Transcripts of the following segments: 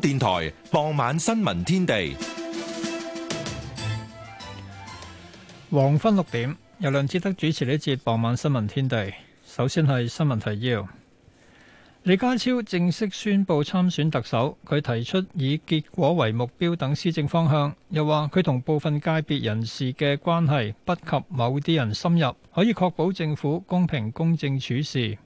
電台傍晚新聞天地，黃昏六點，由梁志德主持呢節傍晚新聞天地。首先係新聞提要，李家超正式宣布參選特首，佢提出以結果為目標等施政方向，又話佢同部分界別人士嘅關係不及某啲人深入，可以確保政府公平公正處事。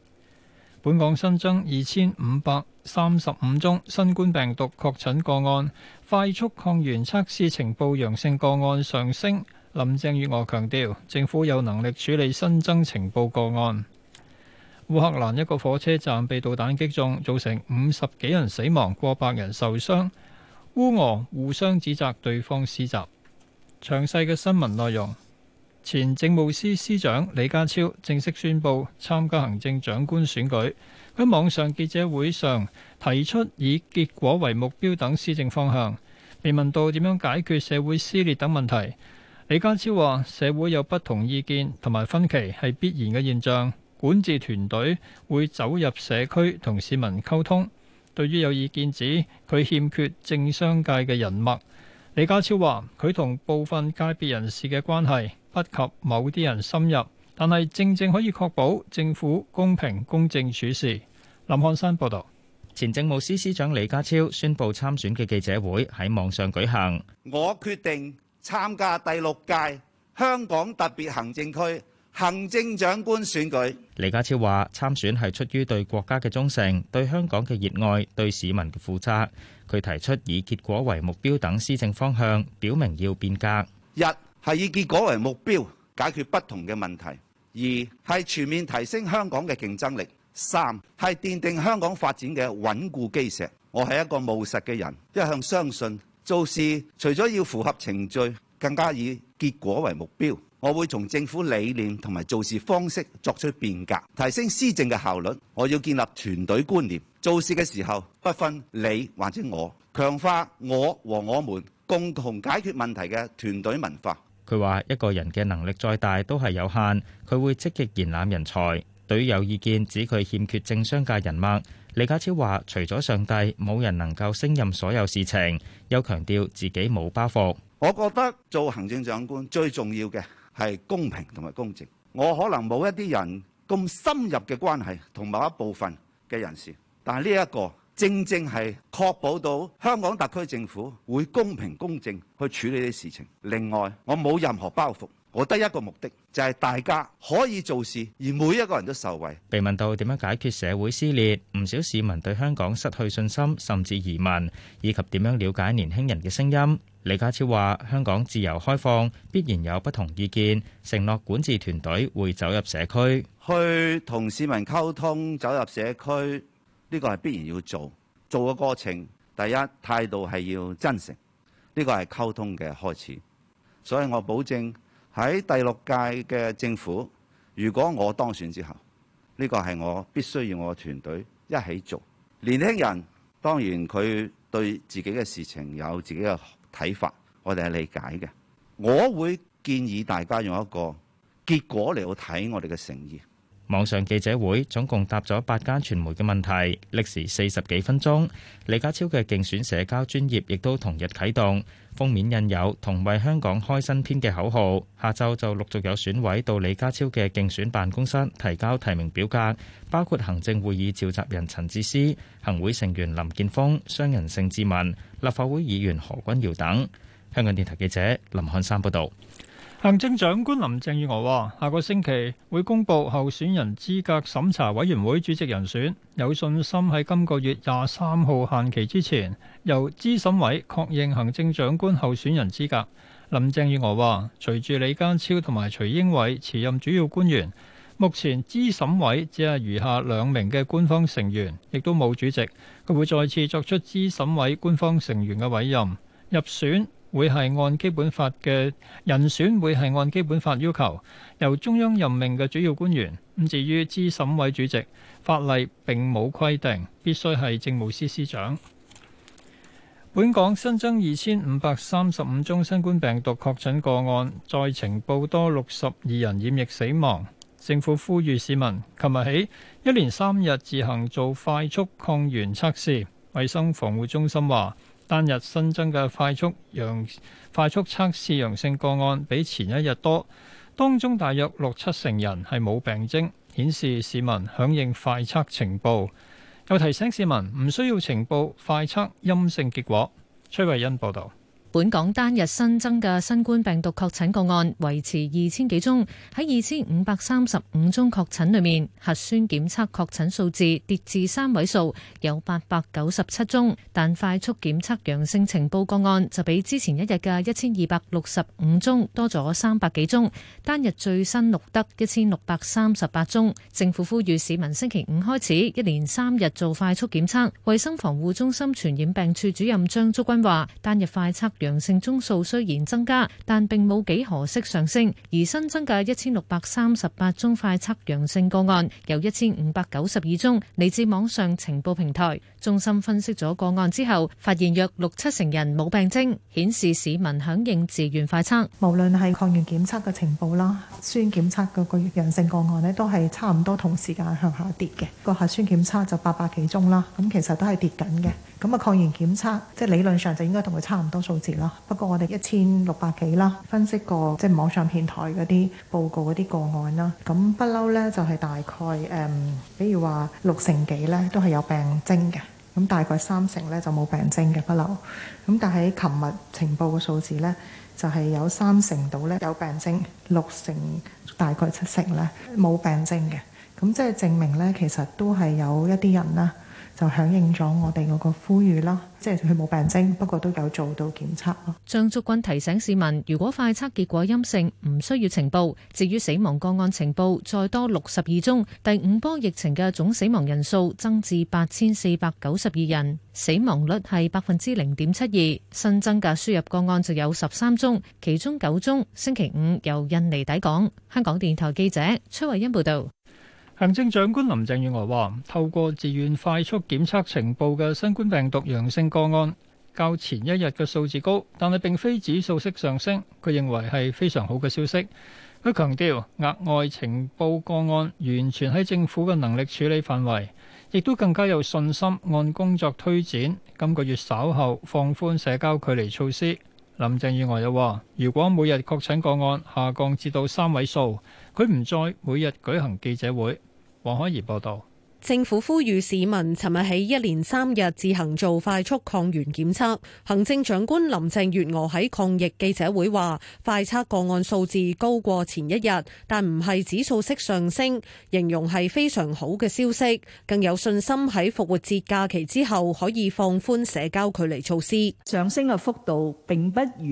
本港新增二千五百。三十五宗新冠病毒確診個案，快速抗原測試情報陽性個案上升。林鄭月娥強調，政府有能力處理新增情報個案。烏克蘭一個火車站被導彈擊中，造成五十幾人死亡，過百人受傷。烏俄互相指責對方施襲。詳細嘅新聞內容，前政務司司長李家超正式宣布參加行政長官選舉。喺網上記者會上提出以結果為目標等施政方向，被問到點樣解決社會撕裂等問題，李家超話社會有不同意見同埋分歧係必然嘅現象，管治團隊會走入社區同市民溝通。對於有意見指佢欠缺政商界嘅人脈，李家超話佢同部分界別人士嘅關係不及某啲人深入。但係，正正可以確保政府公平公正處事。林漢山報導。前政務司司長李家超宣布參選嘅記者會喺網上舉行。我決定參加第六屆香港特別行政區行政長官選舉。李家超話：參選係出於對國家嘅忠誠、對香港嘅熱愛、對市民嘅負責。佢提出以結果為目標等施政方向，表明要變革。一係以結果為目標，解決不同嘅問題。二係全面提升香港嘅競爭力，三係奠定香港發展嘅穩固基石。我係一個務實嘅人，一向相信做事除咗要符合程序，更加以結果為目標。我會從政府理念同埋做事方式作出變革，提升施政嘅效率。我要建立團隊觀念，做事嘅時候不分你或者我，強化我和我們共同解決問題嘅團隊文化。佢話：一個人嘅能力再大都係有限，佢會積極延攬人才。對於有意見指佢欠缺政商界人脈。李家超話：除咗上帝，冇人能夠升任所有事情。又強調自己冇包袱。我覺得做行政長官最重要嘅係公平同埋公正。我可能冇一啲人咁深入嘅關係同某一部分嘅人士，但係呢一個。正正係確保到香港特區政府會公平公正去處理啲事情。另外，我冇任何包袱，我得一個目的，就係、是、大家可以做事，而每一個人都受惠。被問到點樣解決社會撕裂，唔少市民對香港失去信心，甚至疑問，以及點樣了解年輕人嘅聲音，李家超話：香港自由開放必然有不同意見，承諾管治團隊會走入社區，去同市民溝通，走入社區。呢個係必然要做做嘅過程。第一態度係要真誠，呢個係溝通嘅開始。所以我保證喺第六屆嘅政府，如果我當選之後，呢個係我必須要我團隊一起做。年輕人當然佢對自己嘅事情有自己嘅睇法，我哋係理解嘅。我會建議大家用一個結果嚟去睇我哋嘅誠意。網上記者會總共答咗八間傳媒嘅問題，歷時四十幾分鐘。李家超嘅競選社交專業亦都同日啟動，封面印有同為香港開新篇嘅口號。下晝就陸續有選委到李家超嘅競選辦公室提交提名表格，包括行政會議召集人陳智思、行會成員林建峰、商人盛智文、立法會議員何君堯等。香港電台記者林漢山報道。行政長官林鄭月娥話：下個星期會公布候選人資格審查委員會主席人選，有信心喺今個月廿三號限期之前，由資審委確認行政長官候選人資格。林鄭月娥話：隨住李家超同埋徐英偉辭任主要官員，目前資審委只係餘下兩名嘅官方成員，亦都冇主席。佢會再次作出資審委官方成員嘅委任，入選。會係按基本法嘅人選，會係按基本法要求由中央任命嘅主要官員。咁至於資審委主席，法例並冇規定必須係政務司司長。本港新增二千五百三十五宗新冠病毒確診個案，再呈報多六十二人染疫死亡。政府呼籲市民，琴日起一連三日自行做快速抗原測試。衞生防護中心話。單日新增嘅快速陽快速測試陽性個案比前一日多，當中大約六七成人係冇病徵，顯示市民響應快測呈報，又提醒市民唔需要呈報快測陰性結果。崔慧欣報道。本港單日新增嘅新冠病毒確診個案維持二千幾宗，喺二千五百三十五宗確診裏面，核酸檢測確診數字跌至三位數，有八百九十七宗，但快速檢測陽性情報個案就比之前一日嘅一千二百六十五宗多咗三百幾宗，單日最新錄得一千六百三十八宗。政府呼籲市民星期五開始一連三日做快速檢測。衞生防護中心傳染病處主任張竹君話：單日快測陽性宗數雖然增加，但並冇幾何式上升。而新增嘅一千六百三十八宗快測陽性個案，有一千五百九十二宗嚟自網上情報平台。中心分析咗個案之後，發現約六七成人冇病徵，顯示市民響應自願快測。無論係抗原檢測嘅情報啦，核酸檢測嗰個陽性個案呢都係差唔多同時間向下跌嘅。個核酸檢測就八百幾宗啦，咁其實都係跌緊嘅。咁啊，抗原檢測即係理論上就應該同佢差唔多數字啦。不過我哋一千六百幾啦，分析過即係、就是、網上平台嗰啲報告嗰啲個案啦。咁不嬲呢，就係、是、大概誒、嗯，比如話六成幾呢都係有病徵嘅。咁大概三成呢就冇病徵嘅不嬲。咁但係琴日呈報嘅數字呢，就係、是、有三成度呢有病徵，六成大概七成呢冇病徵嘅。咁即係證明呢，其實都係有一啲人啦。就響應咗我哋嗰個呼籲啦，即係佢冇病徵，不過都有做到檢測咯。張竹君提醒市民，如果快測結果陰性，唔需要呈報，至於死亡個案呈報再多六十二宗，第五波疫情嘅總死亡人數增至八千四百九十二人，死亡率係百分之零點七二。新增嘅輸入個案就有十三宗，其中九宗星期五由印尼抵港。香港電台記者崔慧欣報道。行政長官林鄭月娥話：透過自願快速檢測呈報嘅新冠病毒陽性個案，較前一日嘅數字高，但係並非指數式上升。佢認為係非常好嘅消息。佢強調額外呈報個案完全喺政府嘅能力處理範圍，亦都更加有信心按工作推展今個月稍後放寬社交距離措施。林鄭月娥又話：如果每日確診個案下降至到三位數，佢唔再每日舉行記者會。黃海怡報道，政府呼籲市民尋日起一連三日自行做快速抗原檢測。行政長官林鄭月娥喺抗疫記者會話，快測個案數字高過前一日，但唔係指數式上升，形容係非常好嘅消息，更有信心喺復活節假期之後可以放寬社交距離措施。上升嘅幅度並不如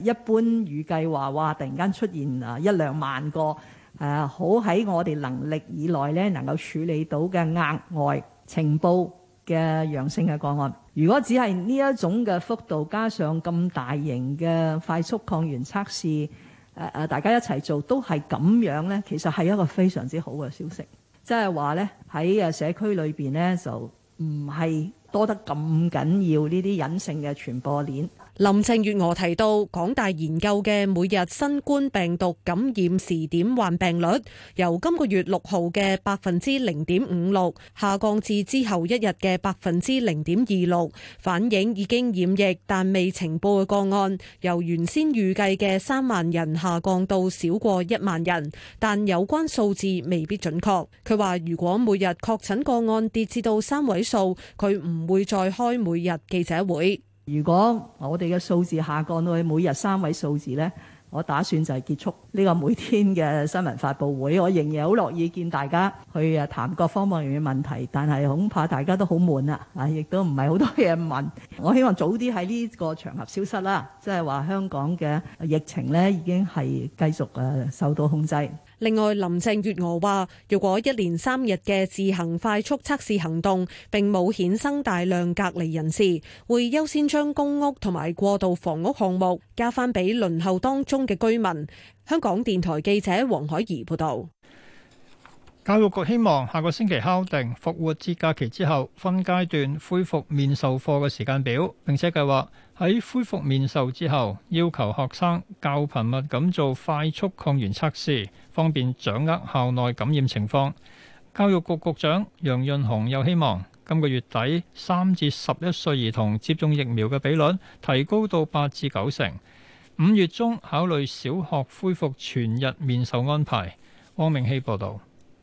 一般預計話，哇！突然間出現啊一兩萬個。誒、啊、好喺我哋能力以內咧，能夠處理到嘅額外情報嘅陽性嘅個案，如果只係呢一種嘅幅度，加上咁大型嘅快速抗原測試，誒、啊、誒大家一齊做，都係咁樣咧，其實係一個非常之好嘅消息。即係話咧，喺誒社區裏邊咧就唔係多得咁緊要呢啲隱性嘅傳播鏈。林鄭月娥提到，港大研究嘅每日新冠病毒感染時點患病率，由今個月六號嘅百分之零點五六下降至之後一日嘅百分之零點二六，反映已經染疫但未呈報嘅個案，由原先預計嘅三萬人下降到少過一萬人。但有關數字未必準確。佢話如果每日確診個案跌至到三位數，佢唔會再開每日記者會。如果我哋嘅數字下降到去每日三位數字呢，我打算就係結束呢個每天嘅新聞發佈會，我仍然好樂意見大家去啊談各方面嘅問題，但係恐怕大家都好悶啦，啊，亦都唔係好多嘢問。我希望早啲喺呢個場合消失啦，即係話香港嘅疫情呢已經係繼續誒受到控制。另外，林鄭月娥話，如果一連三日嘅自行快速測試行動並冇衍生大量隔離人士，會優先將公屋同埋過渡房屋項目加翻俾輪候當中嘅居民。香港電台記者黃海怡報道。教育局希望下個星期敲定復活節假期之後分階段恢復面授課嘅時間表，並且計劃喺恢復面授之後要求學生較頻密咁做快速抗原測試方便掌握校內感染情況，教育局局長楊潤雄又希望今個月底三至十一歲兒童接種疫苗嘅比率提高到八至九成，五月中考慮小學恢復全日面授安排。汪明希報道。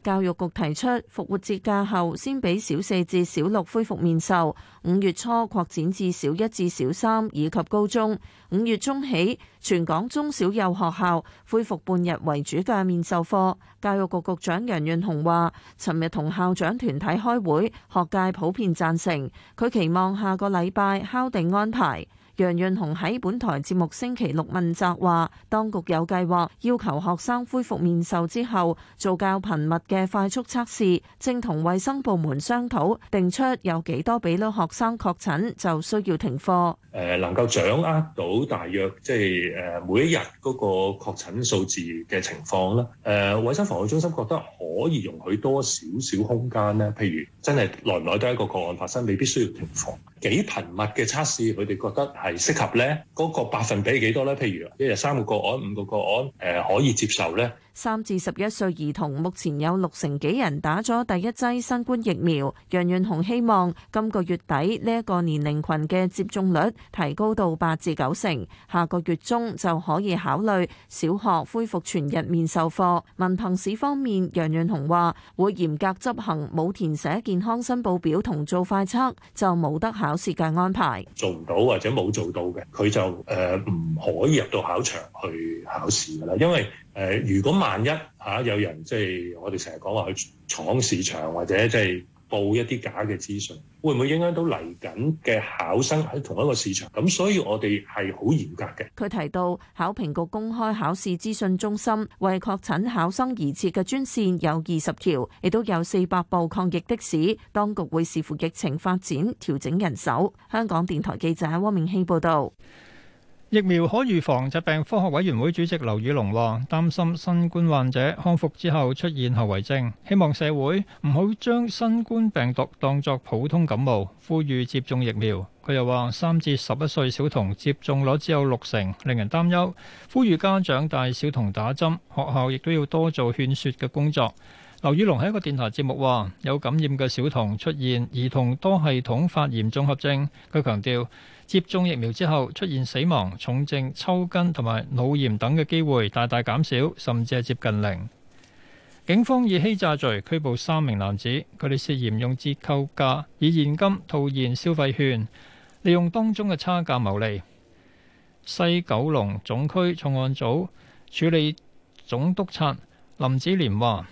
教育局提出復活節假後先俾小四至小六恢復面授，五月初擴展至小一至小三以及高中。五月中起，全港中小幼學校恢復半日為主嘅面授課。教育局局長楊潤雄話，尋日同校長團體開會，學界普遍贊成，佢期望下個禮拜敲定安排。楊潤雄喺本台節目星期六問責話，當局有計劃要求學生恢復面授之後，做較頻密嘅快速測試，正同衛生部門商討，定出有幾多比率學生確診就需要停課。誒、呃、能夠掌握到大約即係誒、呃、每一日嗰個確診數字嘅情況啦。誒、呃、衞生防護中心覺得可以容許多少少空間咧？譬如真係耐耐都一個個案發生，未必需要停課。幾頻密嘅測試，佢哋覺得係適合咧？嗰、那個百分比係幾多咧？譬如一日三個個案、五個個，個案，誒、呃、可以接受咧？三至十一歲兒童目前有六成幾人打咗第一劑新冠疫苗。楊潤雄希望今個月底呢一個年齡群嘅接種率提高到八至九成，下個月中就可以考慮小學恢復全日面授課。文憑試方面，楊潤雄話會嚴格執行，冇填寫健康申報表同做快測就冇得考試嘅安排。做唔到或者冇做到嘅，佢就誒、呃、唔可以入到考場去考試噶啦，因為。誒，如果萬一嚇有人即係、就是、我哋成日講話去闖市場或者即係報一啲假嘅資訊，會唔會影響到嚟緊嘅考生喺同一個市場？咁所以我哋係好嚴格嘅。佢提到考評局公開考試資訊中心為確診考生而設嘅專線有二十條，亦都有四百部抗疫的士。當局會視乎疫情發展調整人手。香港電台記者汪明希報道。疫苗可預防疾病，科學委員會主席劉宇龍話：擔心新冠患者康復之後出現後遺症，希望社會唔好將新冠病毒當作普通感冒，呼籲接種疫苗。佢又話：三至十一歲小童接種率只有六成，令人擔憂，呼籲家長帶小童打針，學校亦都要多做勸説嘅工作。劉宇龍喺一個電台節目話：有感染嘅小童出現兒童多系統發炎綜合症，佢強調，接種疫苗之後出現死亡、重症、抽筋同埋腦炎等嘅機會大大減少，甚至係接近零。警方以欺詐罪拘捕三名男子，佢哋涉嫌用折扣價以現金套現消費券，利用當中嘅差價牟利。西九龍總區重案組處理總督察林子廉話。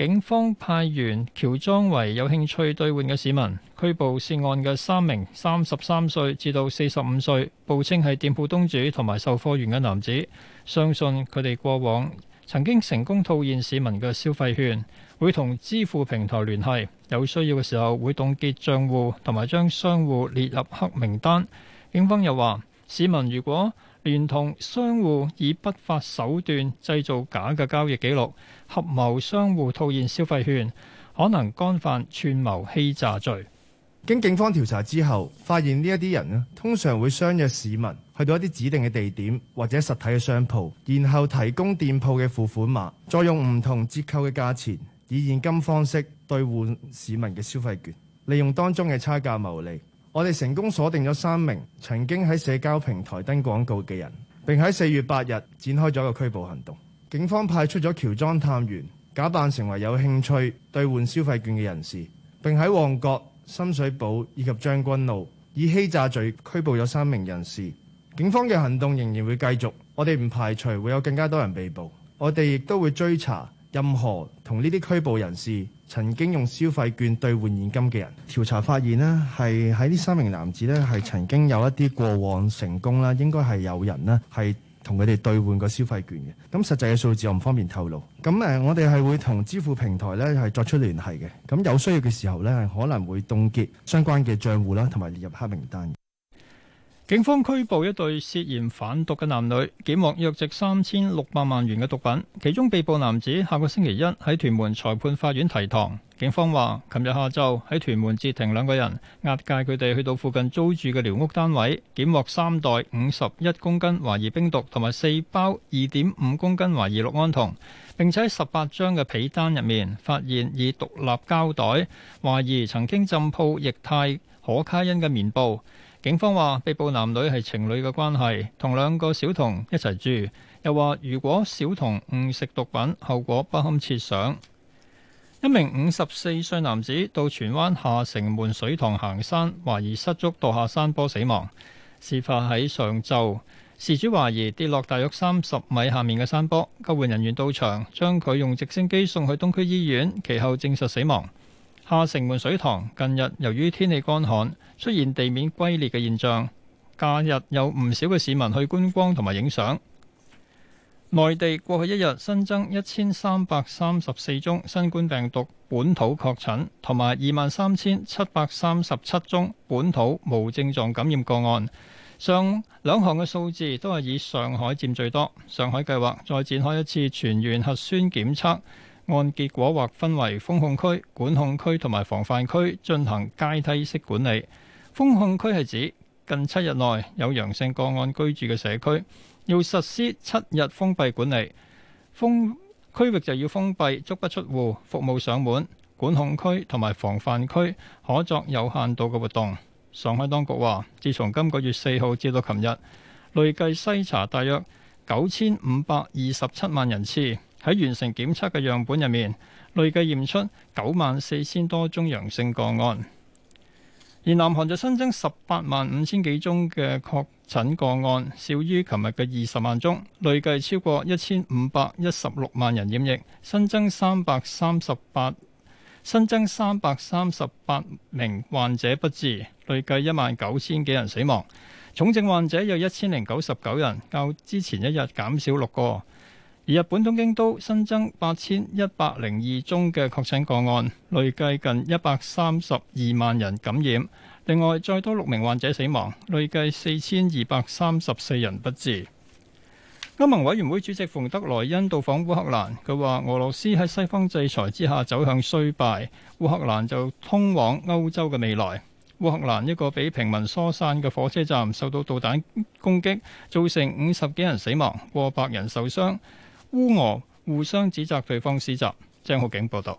警方派員喬裝為有興趣兌換嘅市民，拘捕涉案嘅三名三十三歲至到四十五歲，報稱係店鋪東主同埋售貨員嘅男子。相信佢哋過往曾經成功套現市民嘅消費券。會同支付平台聯繫，有需要嘅時候會凍結賬戶同埋將商戶列入黑名單。警方又話，市民如果聯同商戶以不法手段製造假嘅交易記錄，合謀商戶套現消費券，可能干犯串謀欺詐罪。經警方調查之後，發現呢一啲人咧，通常會相約市民去到一啲指定嘅地點或者實體嘅商鋪，然後提供店鋪嘅付款碼，再用唔同折扣嘅價錢以現金方式兌換市民嘅消費券，利用當中嘅差價牟利。我哋成功鎖定咗三名曾經喺社交平台登廣告嘅人，並喺四月八日展開咗一個拘捕行動。警方派出咗喬裝探員，假扮成為有興趣兌換消費券嘅人士，並喺旺角、深水埗以及將軍澳以欺詐罪拘捕咗三名人士。警方嘅行動仍然會繼續，我哋唔排除會有更加多人被捕。我哋亦都會追查。任何同呢啲拘捕人士曾經用消費券兌換現金嘅人，調查發現呢係喺呢三名男子呢係曾經有一啲過往成功啦，應該係有人呢係同佢哋兌換過消費券嘅。咁實際嘅數字我唔方便透露。咁誒，我哋係會同支付平台呢係作出聯繫嘅。咁有需要嘅時候呢，係，可能會凍結相關嘅賬戶啦，同埋列入黑名單。警方拘捕一對涉嫌販毒嘅男女，檢獲約值三千六百萬元嘅毒品，其中被捕男子下個星期一喺屯門裁判法院提堂。警方話，琴日下晝喺屯門截停兩個人，押解佢哋去到附近租住嘅寮屋單位，檢獲三袋五十一公斤懷疑冰毒同埋四包二點五公斤懷疑氯胺酮，並且喺十八張嘅被單入面發現以獨立膠袋懷疑曾經浸泡液態可卡因嘅棉布。警方話被捕男女係情侶嘅關係，同兩個小童一齊住。又話如果小童誤食毒品，後果不堪設想。一名五十四歲男子到荃灣下城門水塘行山，懷疑失足墮下山坡死亡。事發喺上晝，事主懷疑跌落大約三十米下面嘅山坡，救援人員到場，將佢用直升機送去東區醫院，其後證實死亡。下城門水塘近日由於天氣乾旱，出現地面龜裂嘅現象。假日有唔少嘅市民去觀光同埋影相。內地過去一日新增一千三百三十四宗新冠病毒本土確診，同埋二萬三千七百三十七宗本土無症狀感染個案。上兩項嘅數字都係以上海佔最多。上海計劃再展開一次全員核酸檢測。按結果劃分為封控區、管控區同埋防範區，進行階梯式管理。封控區係指近七日內有陽性個案居住嘅社區，要實施七日封閉管理，封區域就要封閉，足不出戶，服務上門。管控區同埋防範區可作有限度嘅活動。上海當局話，自從今個月四號至到琴日，累計篩查大約九千五百二十七萬人次。喺完成檢測嘅樣本入面，累計驗出九萬四千多宗陽性個案。而南韓就新增十八萬五千幾宗嘅確診個案，少於琴日嘅二十萬宗。累計超過一千五百一十六萬人染疫，新增三百三十八，新增三百三十八名患者不治，累計一萬九千幾人死亡。重症患者有一千零九十九人，較之前一日減少六個。而日本東京都新增八千一百零二宗嘅確診個案，累計近一百三十二萬人感染。另外再多六名患者死亡，累計四千二百三十四人不治。歐盟委員會主席馮德萊恩到訪烏克蘭，佢話俄羅斯喺西方制裁之下走向衰敗，烏克蘭就通往歐洲嘅未來。烏克蘭一個俾平民疏散嘅火車站受到導彈攻擊，造成五十幾人死亡，過百人受傷。烏俄互相指責對方施襲。張浩景報導。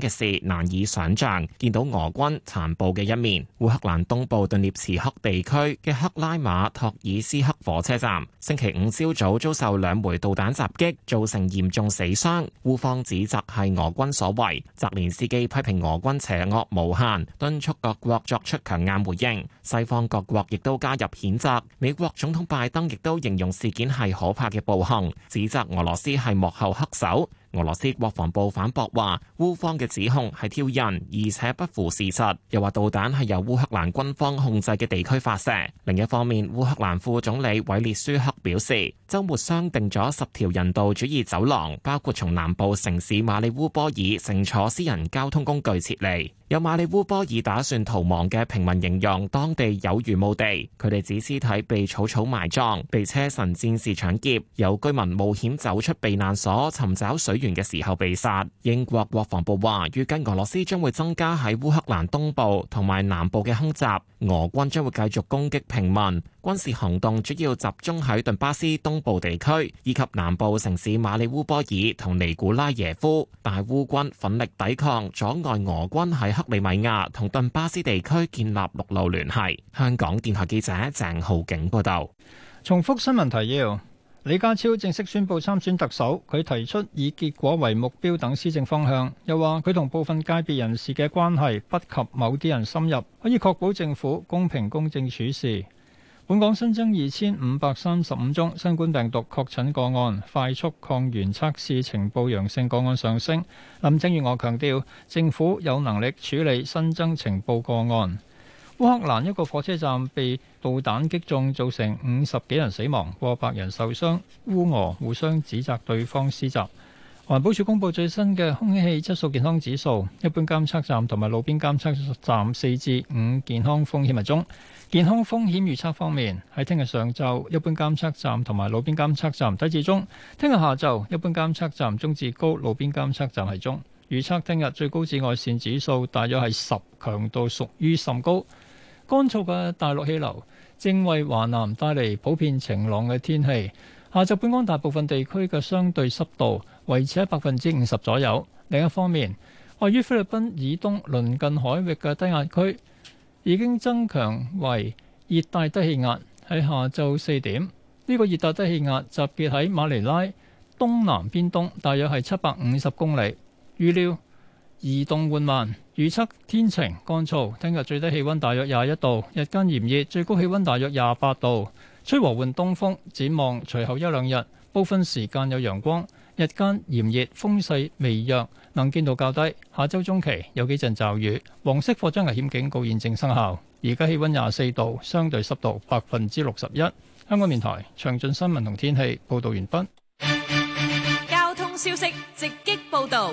嘅事難以想象，見到俄軍殘暴嘅一面。烏克蘭東部頓涅茨克地區嘅克拉馬托爾斯克火車站，星期五朝早遭受兩枚導彈襲擊，造成嚴重死傷，烏方指責係俄軍所為，澤連斯基批評俄軍邪惡無限，敦促各國作出強硬回應，西方各國亦都加入譴責，美國總統拜登亦都形容事件係可怕嘅暴行，指責俄羅斯係幕後黑手。俄羅斯國防部反駁話，烏方嘅指控係挑釁，而且不符事實。又話導彈係由烏克蘭軍方控制嘅地區發射。另一方面，烏克蘭副總理韋列舒克表示，周末商定咗十條人道主義走廊，包括從南部城市馬里烏波爾乘坐私人交通工具撤離。有馬里烏波爾打算逃亡嘅平民形容當地有如墓地，佢哋指屍體被草草埋葬，被車臣戰士搶劫。有居民冒險走出避難所尋找水嘅時候被殺。英國國防部話，預計俄羅斯將會增加喺烏克蘭東部同埋南部嘅空襲，俄軍將會繼續攻擊平民。軍事行動主要集中喺頓巴斯東部地區以及南部城市馬里烏波爾同尼古拉耶夫。大烏軍奮力抵抗，阻礙俄軍喺克里米亞同頓巴斯地區建立陸路聯繫，香港電台記者鄭浩景報道。重複新聞提要。李家超正式宣布參選特首，佢提出以結果為目標等施政方向，又話佢同部分界別人士嘅關係不及某啲人深入，可以確保政府公平公正處事。本港新增二千五百三十五宗新冠病毒確診個案，快速抗原測試呈報陽性個案上升。林鄭月娥強調，政府有能力處理新增呈報個案。烏克蘭一個火車站被導彈擊中，造成五十幾人死亡，過百人受傷。烏俄互相指責對方施襲。環保署公布最新嘅空氣質素健康指數，一般監測站同埋路邊監測站四至五，健康風險係中。健康風險預測方面，喺聽日上晝一般監測站同埋路邊監測站低至中；聽日下晝一般監測站中至高，路邊監測站係中。預測聽日最高紫外線指數大約係十，強度屬於甚高。乾燥嘅大陸氣流正為華南帶嚟普遍晴朗嘅天氣。下晝本港大部分地區嘅相對濕度維持喺百分之五十左右。另一方面，位於菲律賓以東鄰近海域嘅低壓區已經增強為熱帶低氣壓，喺下晝四點，呢個熱帶低氣壓集結喺馬尼拉東南偏東，大約係七百五十公里。預料，移動緩慢，預測天晴乾燥。聽日最低氣溫大約廿一度，日間炎熱，最高氣溫大約廿八度，吹和緩東風。展望隨後一兩日，部分時間有陽光，日間炎熱，風勢微弱，能見度較低。下周中期有幾陣驟雨。黃色火災危險警告現正生效。而家氣溫廿四度，相對濕度百分之六十一。香港電台詳盡新聞同天氣報道完畢。交通消息直擊報道。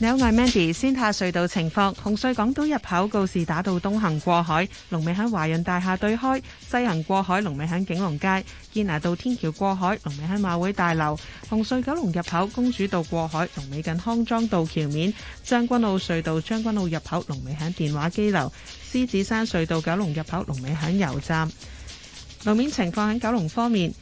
你好，我係 Mandy 先下隧道情況，紅隧港島入口告士打道東行過海，龍尾喺華潤大廈對開；西行過海，龍尾喺景隆街；堅拿道天橋過海，龍尾喺馬會大樓；紅隧九龍入口公主道過海，龍尾近康莊道橋面；將軍澳隧道將軍澳入口，龍尾喺電話機樓；獅子山隧道九龍入口，龍尾喺油站。路面情況喺九龍方面。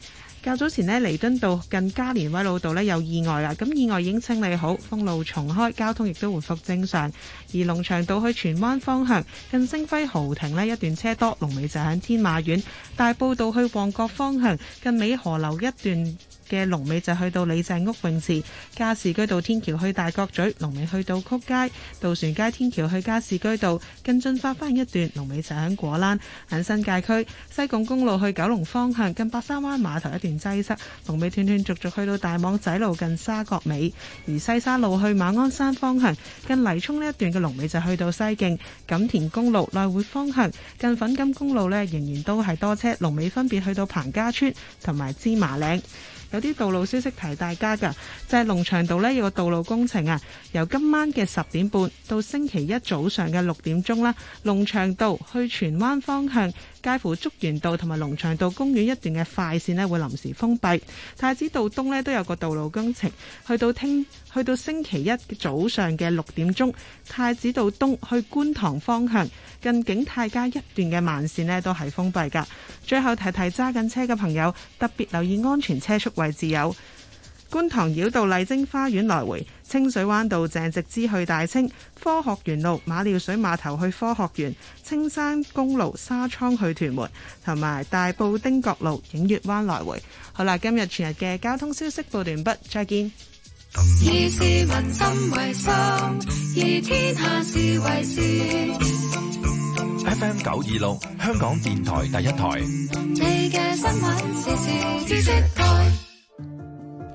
較早前呢，彌敦道近加連威老道呢有意外啦，咁意外已經清理好，封路重開，交通亦都回復正常。而龍翔道去荃灣方向近星輝豪庭呢一段車多，龍尾就喺天馬苑。大埔道去旺角方向近美荷樓一段，嘅龍尾就去到李鄭屋泳池、加士居道天橋去大角咀，龍尾去到曲街、渡船街天橋去加士居道，更進發翻一段。龍尾就喺果欄、喺新界區、西貢公路去九龍方向，近白沙灣碼頭一段擠塞。龍尾斷，斷斷續續去到大網仔路近沙角尾，而西沙路去馬鞍山方向近泥涌呢一段嘅龍尾就去到西徑，錦田公路內會方向近粉錦公路呢仍然都係多車。龍尾分別去到彭家村同埋芝麻嶺。有啲道路消息提大家嘅，就係龍翔道咧有個道路工程啊，由今晚嘅十點半到星期一早上嘅六點鐘啦。龍翔道去荃灣方向，介乎竹園道同埋龍翔道公園一段嘅快綫咧會臨時封閉。太子道東咧都有個道路工程，去到聽，去到星期一早上嘅六點鐘，太子道東去觀塘方向近景泰街一段嘅慢綫咧都係封閉噶。最後提提揸緊車嘅朋友，特別留意安全車速。位置有觀塘繞道麗晶花園來回，清水灣道鄭直之去大清，科學園路馬料水碼頭去科學園，青山公路沙倉去屯門，同埋大埔丁角路映月灣來回。好啦，今日全日嘅交通消息報完畢，再見。以市民心為心，以天下事為事。 FM 九二六，香港電台第一台。 你嘅新聞台。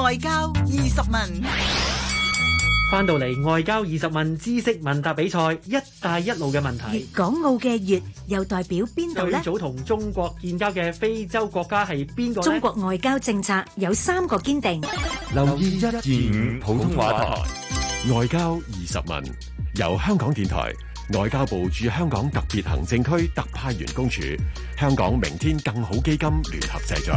外交二十問，翻到嚟外交二十問知識問答比賽，一帶一路嘅問題。粵港澳嘅粵又代表邊度咧？最早同中國建交嘅非洲國家係邊個咧？中國外交政策有三個堅定。留意一二五普通話台，外交二十問由香港電台、外交部駐香港特別行政區特派員公署、香港明天更好基金聯合製作。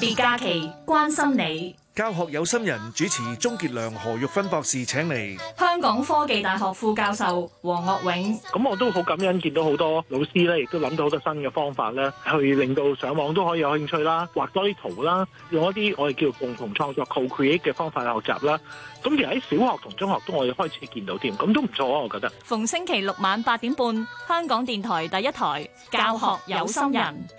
別假期關心你，教學有心人主持鍾杰良、何玉芬博士請嚟，香港科技大學副教授黃岳永，咁我都好感恩見到好多老師咧，亦都諗到好多新嘅方法咧，去令到上網都可以有興趣啦，畫多啲圖啦，用一啲我哋叫共同創作 co-create 嘅方法去學習啦，咁而喺小學同中學都我哋開始見到添，咁都唔錯啊，我覺得。逢星期六晚八點半，香港電台第一台教學有心人。